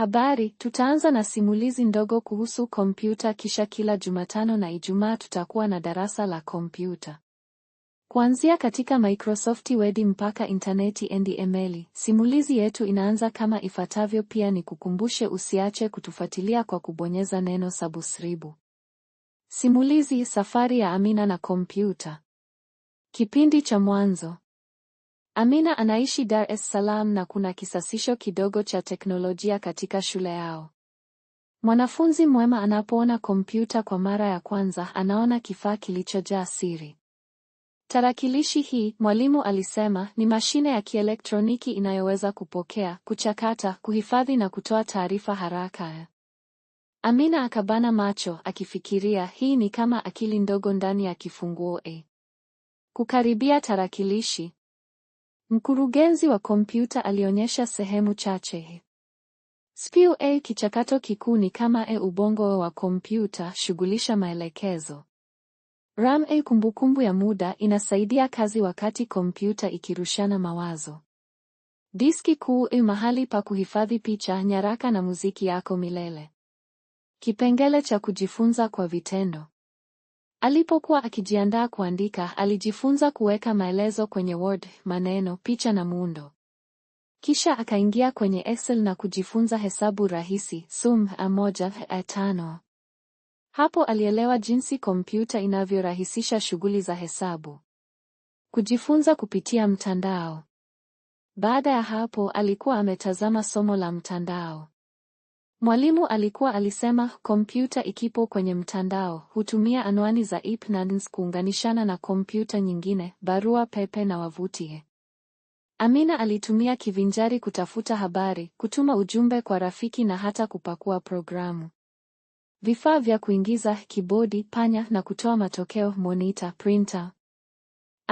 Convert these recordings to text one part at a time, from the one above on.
Habari, tutaanza na simulizi ndogo kuhusu kompyuta kisha kila Jumatano na Ijumaa tutakuwa na darasa la kompyuta. Kuanzia katika Microsoft Word mpaka intaneti NDML, simulizi yetu inaanza kama ifuatavyo. Pia ni kukumbushe usiache kutufuatilia kwa kubonyeza neno subscribe. Simulizi: Safari ya Amina na Kompyuta. Kipindi cha mwanzo. Amina anaishi Dar es Salaam na kuna kisasisho kidogo cha teknolojia katika shule yao. Mwanafunzi mwema anapoona kompyuta kwa mara ya kwanza, anaona kifaa kilichojaa siri. Tarakilishi hii, mwalimu alisema, ni mashine ya kielektroniki inayoweza kupokea, kuchakata, kuhifadhi na kutoa taarifa haraka. Amina akabana macho akifikiria, hii ni kama akili ndogo ndani ya kifunguo e. Kukaribia tarakilishi, Mkurugenzi wa kompyuta alionyesha sehemu chache. SPIL-A kichakato kikuu ni kama e ubongo wa kompyuta, shughulisha maelekezo. RAM-A kumbukumbu ya muda inasaidia kazi wakati kompyuta ikirushana mawazo. Diski kuu e mahali pa kuhifadhi picha, nyaraka na muziki yako milele. Kipengele cha kujifunza kwa vitendo. Alipokuwa akijiandaa kuandika, alijifunza kuweka maelezo kwenye Word, maneno, picha na muundo. Kisha akaingia kwenye Excel na kujifunza hesabu rahisi, sum a moja a tano. Hapo alielewa jinsi kompyuta inavyorahisisha shughuli za hesabu. Kujifunza kupitia mtandao. Baada ya hapo alikuwa ametazama somo la mtandao. Mwalimu alikuwa alisema kompyuta ikipo kwenye mtandao hutumia anwani za IP na NS kuunganishana na kompyuta nyingine, barua pepe na wavuti. Amina alitumia kivinjari kutafuta habari, kutuma ujumbe kwa rafiki na hata kupakua programu. Vifaa vya kuingiza, kibodi, panya na kutoa matokeo, monitor, printer,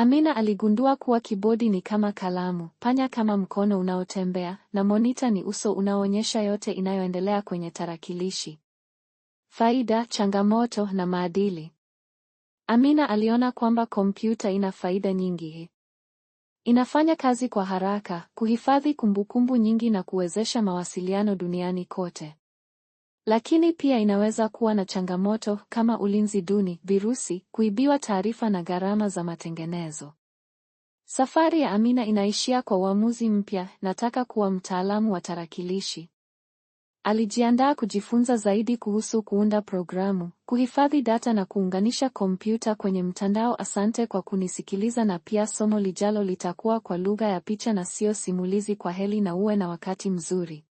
Amina aligundua kuwa kibodi ni kama kalamu, panya kama mkono unaotembea, na monita ni uso unaoonyesha yote inayoendelea kwenye tarakilishi: faida, changamoto na maadili. Amina aliona kwamba kompyuta ina faida nyingi. Inafanya kazi kwa haraka, kuhifadhi kumbukumbu nyingi na kuwezesha mawasiliano duniani kote. Lakini pia inaweza kuwa na changamoto kama ulinzi duni, virusi, kuibiwa taarifa na gharama za matengenezo. Safari ya Amina inaishia kwa uamuzi mpya, nataka kuwa mtaalamu wa tarakilishi. Alijiandaa kujifunza zaidi kuhusu kuunda programu, kuhifadhi data na kuunganisha kompyuta kwenye mtandao. Asante kwa kunisikiliza na pia somo lijalo litakuwa kwa lugha ya picha na sio simulizi. Kwa heri na uwe na wakati mzuri.